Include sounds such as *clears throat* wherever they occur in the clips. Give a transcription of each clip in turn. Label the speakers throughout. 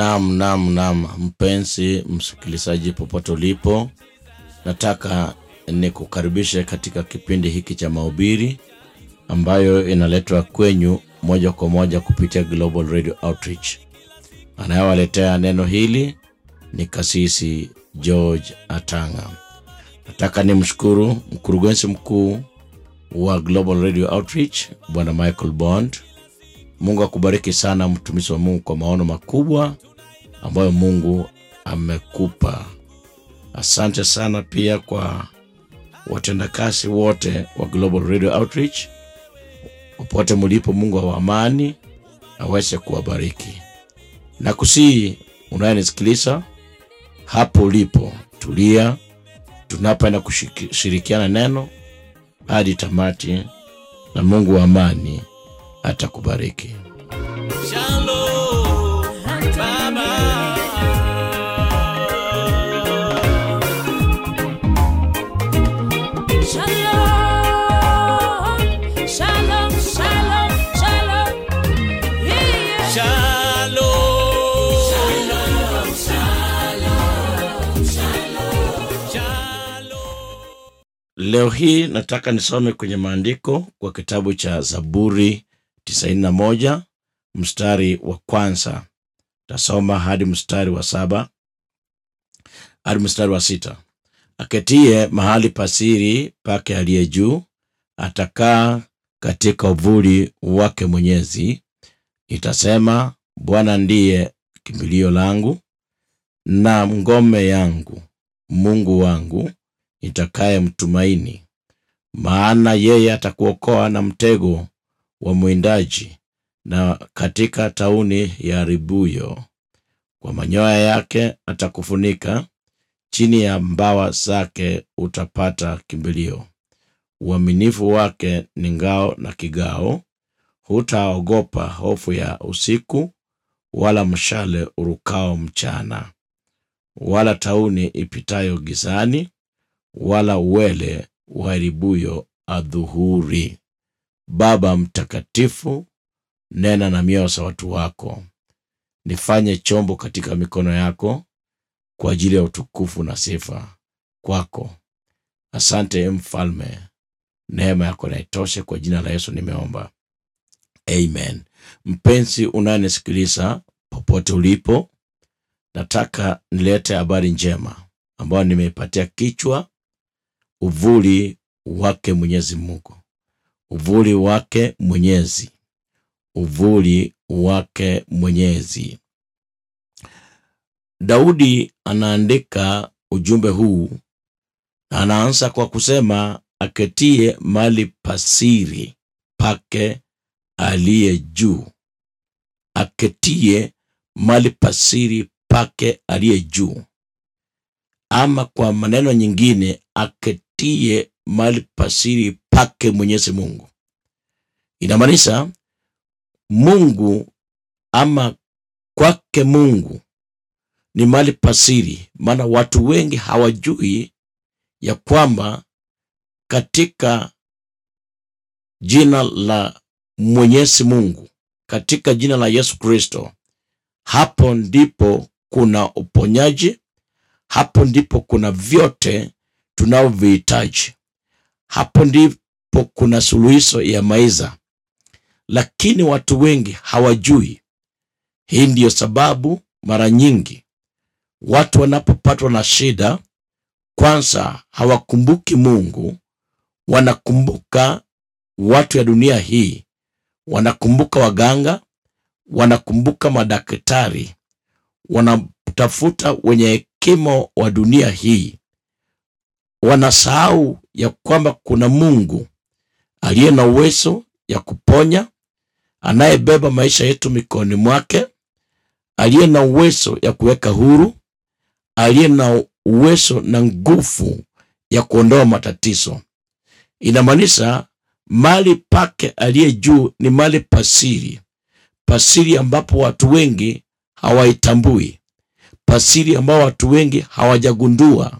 Speaker 1: Nam, nam, nam, mpenzi msikilizaji, popote ulipo, nataka nikukaribishe katika kipindi hiki cha mahubiri ambayo inaletwa kwenyu moja kwa moja kupitia Global Radio Outreach. Anayewaletea neno hili ni Kasisi George Atanga. Nataka nimshukuru mkurugenzi mkuu wa Global Radio Outreach Bwana Michael Bond. Mungu akubariki sana mtumishi wa Mungu kwa maono makubwa ambayo Mungu amekupa. Asante sana pia kwa watendakazi wote wa Global Radio Outreach, popote mulipo. Mungu wa amani aweze kuwabariki na kusii. Unayenisikiliza hapo ulipo, tulia, tunapenda kushirikiana neno hadi tamati, na Mungu wa amani atakubariki. Leo hii nataka nisome kwenye maandiko kwa kitabu cha Zaburi 91 mstari wa kwanza. Tasoma hadi mstari wa saba hadi mstari wa sita. aketie mahali pasiri pake aliye juu atakaa katika uvuli wake Mwenyezi. itasema Bwana ndiye kimbilio langu na ngome yangu, Mungu wangu nitakayemtumaini, maana yeye atakuokoa na mtego wa mwindaji na katika tauni ya ribuyo. Kwa manyoya yake atakufunika, chini ya mbawa zake utapata kimbilio. Uaminifu wake ni ngao na kigao. Hutaogopa hofu ya usiku, wala mshale urukao mchana, wala tauni ipitayo gizani, wala uwele uharibuyo adhuhuri. Baba Mtakatifu, nena na mioyo za watu wako, nifanye chombo katika mikono yako kwa ajili ya utukufu na sifa kwako. Asante Mfalme, neema yako naitoshe. Kwa jina la Yesu nimeomba, amen. Mpenzi unayenisikiliza popote ulipo, nataka nilete habari njema ambayo nimeipatia kichwa uvuli wake Mwenyezi Mungu, uvuli wake Mwenyezi, uvuli wake Mwenyezi. Daudi anaandika ujumbe huu na anaanza kwa kusema aketie mali pasiri pake aliye juu, aketie mali pasiri pake aliye juu, ama kwa maneno nyingine aketie tiye mali pasiri pake Mwenyezi Mungu. Inamaanisha Mungu ama kwake Mungu ni mali pasiri, maana watu wengi hawajui ya kwamba katika jina la Mwenyezi Mungu, katika jina la Yesu Kristo, hapo ndipo kuna uponyaji, hapo ndipo kuna vyote tunaovihitaji. Hapo ndipo kuna suluhisho ya maiza lakini watu wengi hawajui. Hii ndiyo sababu mara nyingi watu wanapopatwa na shida, kwanza hawakumbuki Mungu, wanakumbuka watu ya dunia hii, wanakumbuka waganga, wanakumbuka madaktari, wanatafuta wenye hekima wa dunia hii wanasahau ya kwamba kuna Mungu aliye na uwezo ya kuponya, anayebeba maisha yetu mikononi mwake, aliye na uwezo ya kuweka huru, aliye na uwezo na nguvu ya kuondoa matatizo. Inamaanisha mali pake aliye juu ni mali pasiri, pasiri ambapo watu wengi hawaitambui, pasiri ambao watu wengi hawajagundua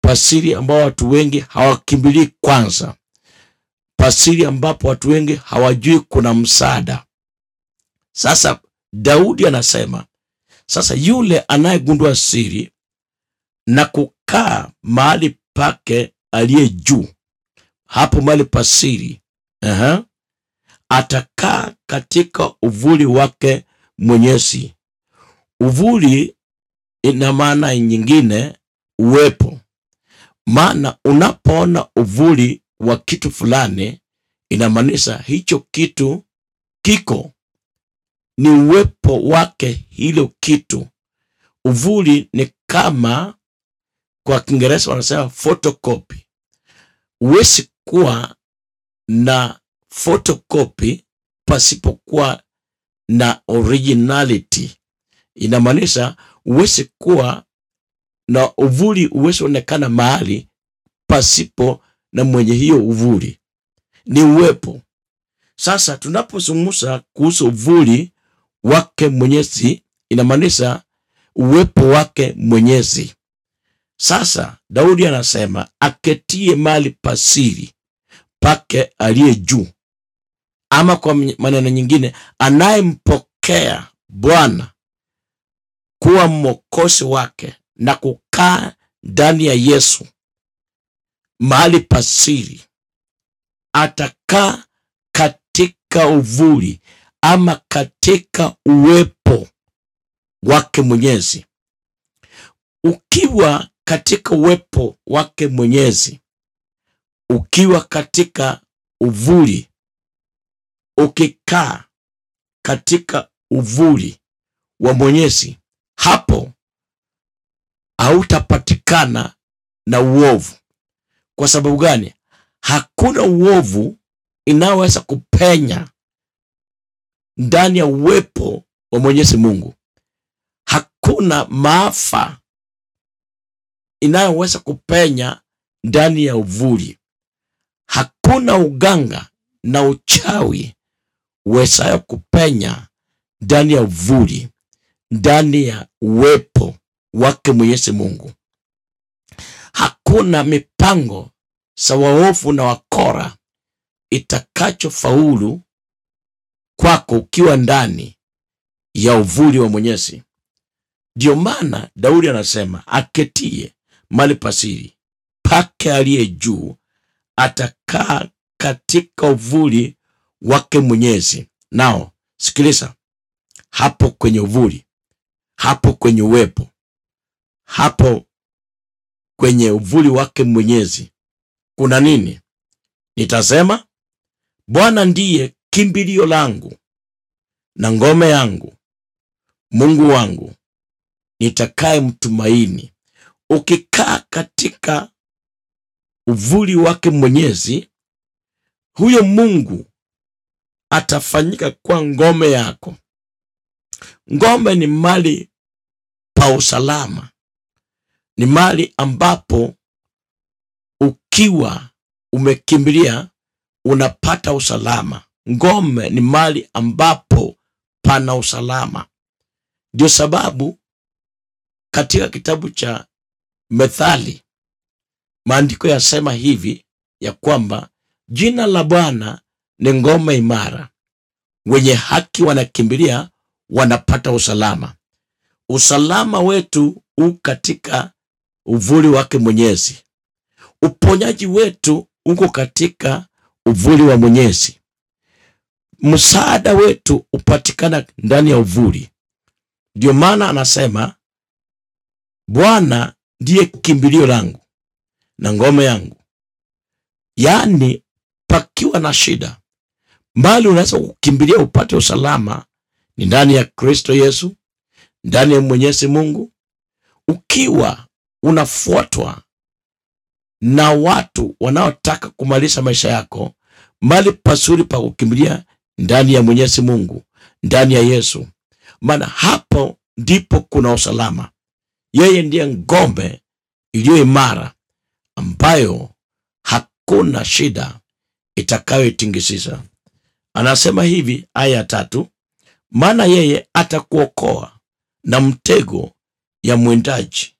Speaker 1: pasiri ambao watu wengi hawakimbilii kwanza, pasiri ambapo watu wengi hawajui kuna msaada. Sasa Daudi anasema sasa, yule anayegundua siri na kukaa mahali pake aliye juu, hapo mahali pasiri uh -huh. Atakaa katika uvuli wake Mwenyezi. Uvuli ina maana nyingine uwepo maana unapoona uvuli wa kitu fulani, inamaanisha hicho kitu kiko, ni uwepo wake hilo kitu. Uvuli ni kama, kwa Kiingereza wanasema photocopy. Huwezi kuwa na photocopy pasipokuwa na originality. Inamaanisha huwezi kuwa na uvuli uwezi onekana mahali pasipo na mwenye hiyo uvuli, ni uwepo. Sasa tunapozungumza kuhusu uvuli wake Mwenyezi, inamaanisha uwepo wake Mwenyezi. Sasa Daudi anasema aketie mali pasiri pake aliye juu, ama kwa maneno nyingine, anayempokea Bwana kuwa mwokozi wake na kukaa ndani ya Yesu mahali pasiri, atakaa katika uvuli ama katika uwepo wake Mwenyezi. Ukiwa katika uwepo wake Mwenyezi, ukiwa katika uvuli, ukikaa katika uvuli wa Mwenyezi, hapo hautapatikana na uovu. Kwa sababu gani? Hakuna uovu inayoweza kupenya ndani ya uwepo wa Mwenyezi Mungu. Hakuna maafa inayoweza kupenya ndani ya uvuli. Hakuna uganga na uchawi uwezayo kupenya ndani ya uvuli, ndani ya uwepo wake Mwenyezi Mungu. Hakuna mipango za waovu na wakora itakachofaulu kwako ukiwa ndani ya uvuli wa Mwenyezi. Ndio maana Daudi anasema aketie mali pasiri pake aliye juu atakaa katika uvuli wake Mwenyezi. Nao sikiliza hapo kwenye uvuli, hapo kwenye uwepo, hapo kwenye uvuli wake Mwenyezi kuna nini? Nitasema, Bwana ndiye kimbilio langu na ngome yangu, Mungu wangu nitakaye mtumaini. Ukikaa katika uvuli wake Mwenyezi, huyo Mungu atafanyika kuwa ngome yako. Ngome ni mali pa usalama ni mali ambapo ukiwa umekimbilia unapata usalama. Ngome ni mali ambapo pana usalama. Ndio sababu katika kitabu cha Methali maandiko yasema hivi ya kwamba jina la Bwana ni ngome imara, wenye haki wanakimbilia wanapata usalama. Usalama wetu huu katika uvuli wake Mwenyezi. Uponyaji wetu uko katika uvuli wa Mwenyezi. Msaada wetu upatikana ndani ya uvuli. Ndio maana anasema Bwana ndiye kimbilio langu na ngome yangu. Yaani, pakiwa na shida, mbali unaweza kukimbilia upate usalama ni ndani ya Kristo Yesu, ndani ya Mwenyezi Mungu ukiwa unafuatwa na watu wanaotaka kumalisha maisha yako. Mali pazuri pa kukimbilia ndani ya Mwenyezi Mungu, ndani ya Yesu, maana hapo ndipo kuna usalama. Yeye ndiye ngome iliyo imara ambayo hakuna shida itakayoitingisiza Anasema hivi, aya ya tatu, maana yeye atakuokoa na mtego ya mwindaji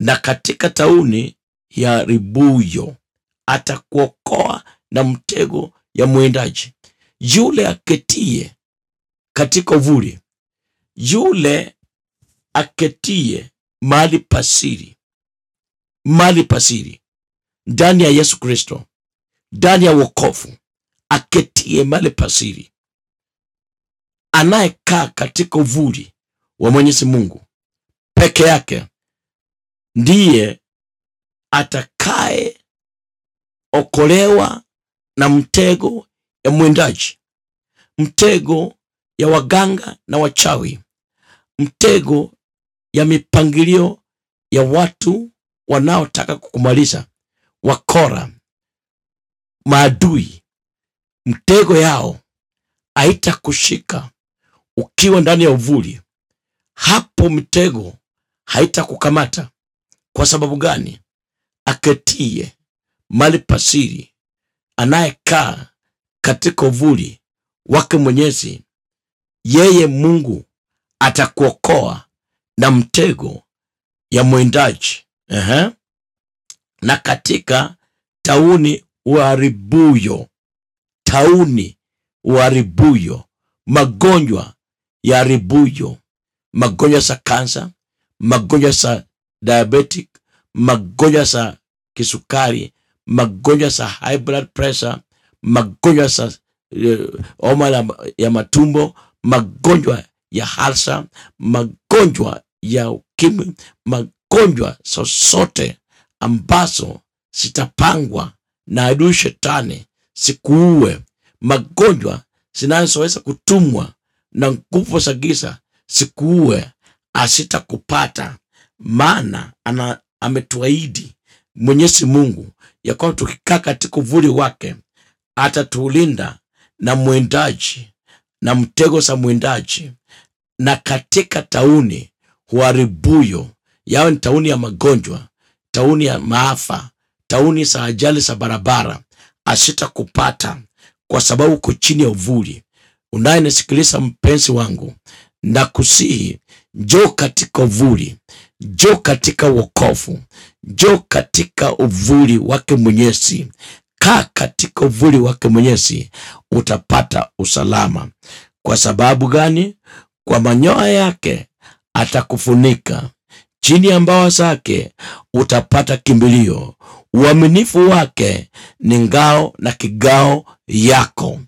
Speaker 1: na katika tauni ya ribuyo atakuokoa na mtego ya mwindaji, yule aketie katika uvuli, yule aketie mali pasiri, mali pasiri ndani ya Yesu Kristo, ndani ya wokovu, aketie mali pasiri, anayekaa katika uvuli wa Mwenyezi Mungu peke yake ndiye atakaye okolewa na mtego ya mwindaji, mtego ya waganga na wachawi, mtego ya mipangilio ya watu wanaotaka kukumaliza, wakora, maadui. Mtego yao haitakushika ukiwa ndani ya uvuli hapo, mtego haitakukamata kwa sababu gani? Aketie mali pasiri, anayekaa katika uvuli wake Mwenyezi, yeye Mungu atakuokoa na mtego ya mwindaji uh -huh. na katika tauni uharibuyo, tauni uharibuyo, magonjwa ya haribuyo, magonjwa sa kansa, magonjwa sa diabetic, magonjwa za kisukari, magonjwa za high blood pressure, magonjwa za eh, homa uh, ya matumbo, magonjwa ya halsa, magonjwa ya ukimwi, magonjwa zozote ambazo zitapangwa na adui shetani sikuue, magonjwa zinazoweza kutumwa na nguvu za giza sikuue, asitakupata maana ana, ametuahidi Mwenyezi Mungu ya kwamba tukikaa katika uvuli wake atatulinda na mwindaji na mtego za mwendaji na katika tauni huharibuyo, yawe ni tauni ya magonjwa, tauni ya maafa, tauni za ajali za barabara, asitakupata kwa sababu uko chini ya uvuli. Unayenisikiliza mpenzi wangu, na kusihi njoo katika uvuli, jo katika wokovu, jo katika uvuli wake Mwenyezi. Kaa katika uvuli wake Mwenyezi, utapata usalama. Kwa sababu gani? Kwa manyoya yake atakufunika, chini ya mbawa zake utapata kimbilio. Uaminifu wake ni ngao na kigao yako.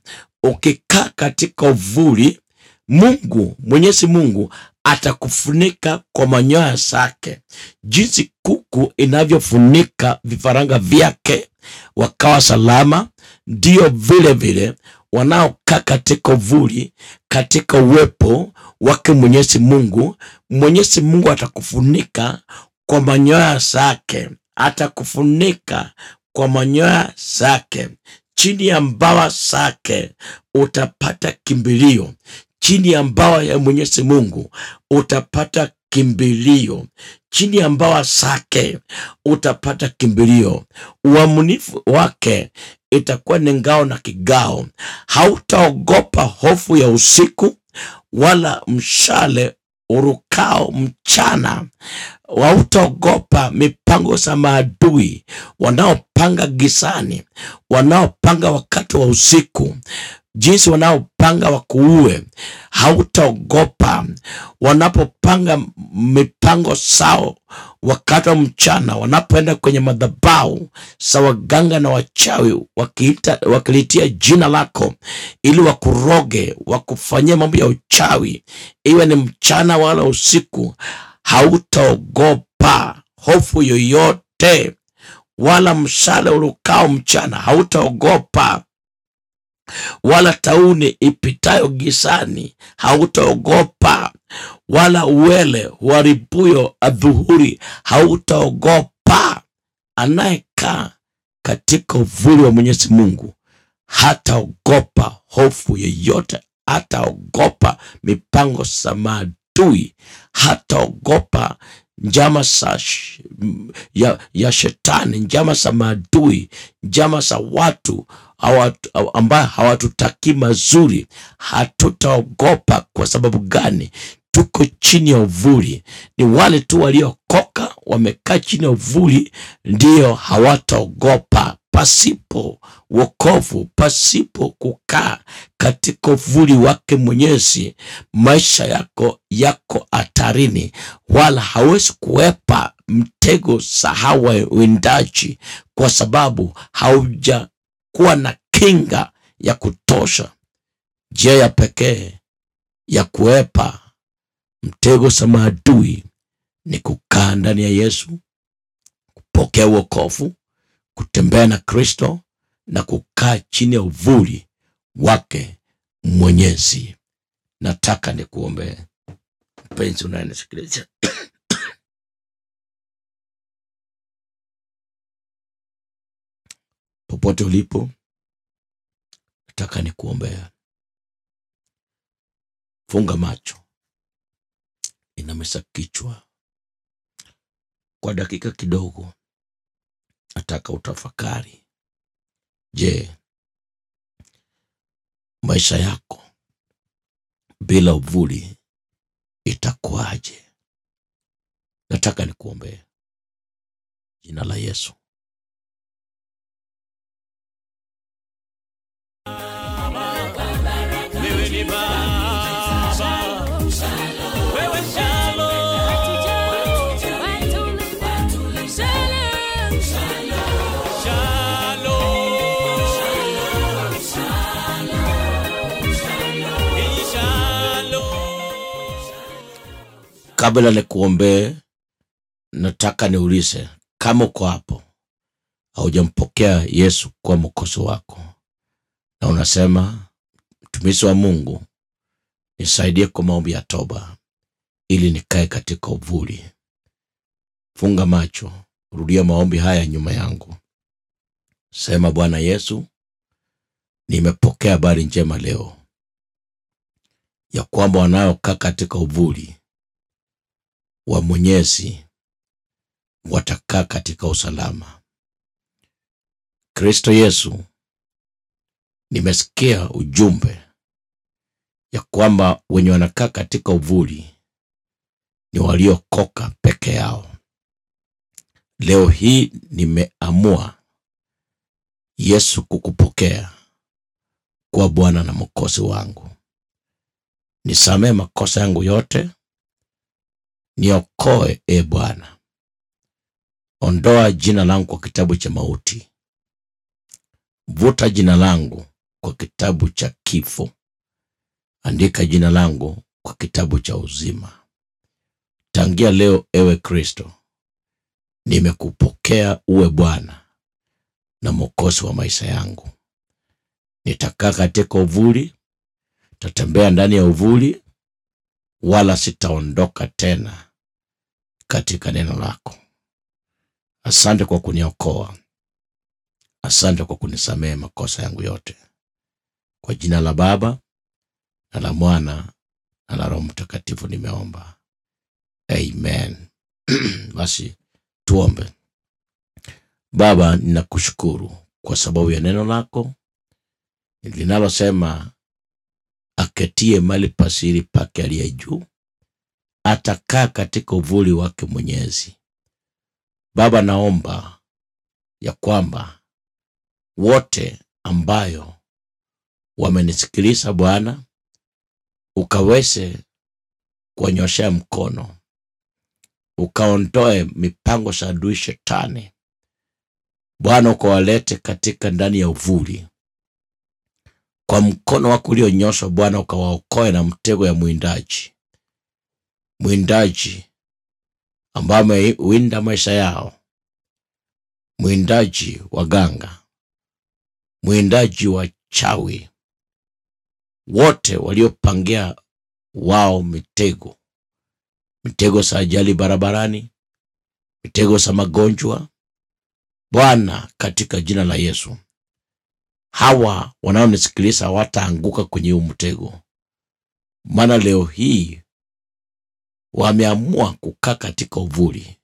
Speaker 1: Ukikaa katika uvuli Mungu Mwenyezi Mungu atakufunika kwa manyoya zake, jinsi kuku inavyofunika vifaranga vyake wakawa salama. Ndiyo vile vile wanaokaa katika uvuli, katika uwepo wake Mwenyezi Mungu, Mwenyezi Mungu atakufunika kwa manyoya zake, atakufunika kwa manyoya zake chini ya mbawa zake utapata kimbilio, Chini ya mbawa ya Mwenyezi Mungu utapata kimbilio, chini ya mbawa zake utapata kimbilio. Uaminifu wake itakuwa ni ngao na kigao. Hautaogopa hofu ya usiku, wala mshale urukao mchana. Hautaogopa mipango za maadui wanaopanga gizani, wanaopanga wakati wa usiku jinsi wanaopanga wakuue, hautaogopa. Wanapopanga mipango sao wakati wa mchana, wanapoenda kwenye madhabahu sa waganga na wachawi, wakiita wakilitia jina lako ili wakuroge, wakufanyia mambo ya uchawi, iwe ni mchana wala usiku, hautaogopa hofu yoyote, wala mshale ulukao mchana hautaogopa wala tauni ipitayo gisani hautaogopa, wala uwele uharibuyo adhuhuri hautaogopa. Anayekaa katika uvuli wa Mwenyezi Mungu hataogopa hofu yoyote, hataogopa mipango za maadui, hataogopa njama za ya, ya shetani, njama za maadui, njama za watu ambao hawatutakii mazuri. Hatutaogopa. Kwa sababu gani? Tuko chini ya uvuli. Ni wale tu waliokoka, wamekaa chini ya uvuli, ndio hawataogopa. Pasipo wokovu, pasipo kukaa katika uvuli wake Mwenyezi, maisha yako yako hatarini, wala hawezi kuepa mtego sahawa windaji, kwa sababu haujakuwa na kinga ya kutosha. Njia ya pekee ya kuepa mtego za maadui ni kukaa ndani ya Yesu, kupokea wokovu kutembea na Kristo na kukaa chini ya uvuli wake Mwenyezi. Nataka
Speaker 2: nikuombee mpenzi unayenisikiliza. *coughs* popote ulipo, nataka nikuombea. Funga macho, inamesa kichwa kwa dakika kidogo nataka utafakari. Je, maisha yako bila uvuli itakuwaje? Nataka nikuombee. Jina la Yesu,
Speaker 1: Kabla nikuombee, nataka niulize kama uko hapo haujampokea Yesu kuwa mwokozi wako na unasema, mtumishi wa Mungu, nisaidie kwa maombi ya toba ili nikae katika uvuli. Funga macho, rudia maombi haya nyuma yangu. Sema, Bwana Yesu, nimepokea habari njema leo ya kwamba wanaokaa katika uvuli wa Mwenyezi watakaa katika usalama. Kristo Yesu, nimesikia ujumbe ya kwamba wenye wanakaa katika uvuli ni waliokoka peke yao. Leo hii nimeamua Yesu kukupokea kuwa Bwana na Mwokozi wangu. Nisamehe makosa yangu yote Niokoe e Bwana, ondoa jina langu kwa kitabu cha mauti, vuta jina langu kwa kitabu cha kifo, andika jina langu kwa kitabu cha uzima. Tangia leo, ewe Kristo, nimekupokea uwe Bwana na Mwokozi wa maisha yangu. Nitakaa katika uvuli, tatembea ndani ya uvuli, wala sitaondoka tena katika neno lako. Asante kwa kuniokoa, asante kwa kunisamehe makosa yangu yote, kwa jina la Baba na la Mwana na la Roho Mtakatifu nimeomba, amen. *clears throat* Basi tuombe. Baba, ninakushukuru kwa sababu ya neno lako linalosema aketie mali pasiri pake aliye juu atakaa katika uvuli wake Mwenyezi. Baba, naomba ya kwamba wote ambayo wamenisikiliza Bwana, ukaweze kuwanyoshea mkono, ukaondoe mipango za adui shetani Bwana, ukawalete katika ndani ya uvuli kwa mkono wako ulionyoshwa Bwana, ukawaokoe na mtego ya mwindaji mwindaji ambaye amewinda maisha yao, mwindaji wa ganga, mwindaji wa chawi, wote waliopangia wao mitego, mitego za ajali barabarani, mitego za magonjwa. Bwana, katika jina la Yesu, hawa wanaonisikiliza wataanguka kwenye huu mtego, maana leo hii wameamua kukaa katika uvuli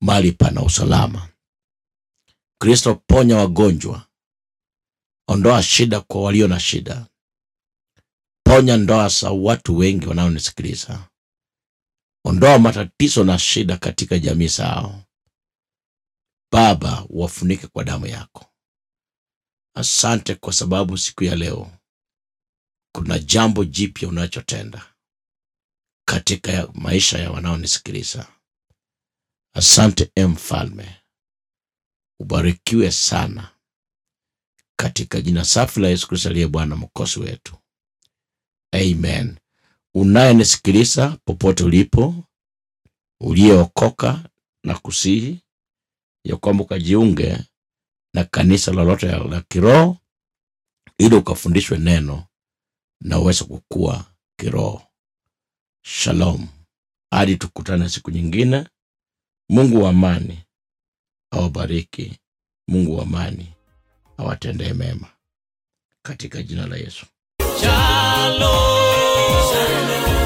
Speaker 1: mali pana usalama. Kristo, ponya wagonjwa, ondoa shida kwa walio na shida, ponya ndoa za watu wengi wanaonisikiliza, ondoa matatizo na shida katika jamii zao. Baba, wafunike kwa damu yako. Asante kwa sababu siku ya leo kuna jambo jipya unachotenda katika maisha ya wanaonisikiliza. Asante e Mfalme, ubarikiwe sana katika jina safi la Yesu Kristo aliye Bwana mkosi wetu, amen. Unayenisikiliza popote ulipo, uliyeokoka na kusihi ya kwamba ukajiunge na kanisa lolote la kiroho ili ukafundishwe neno na uweze kukua kiroho. Shalom. Hadi tukutane siku nyingine. Mungu wa amani awabariki. Mungu wa amani awatendee mema katika jina la Yesu.
Speaker 2: Shalom. Shalom.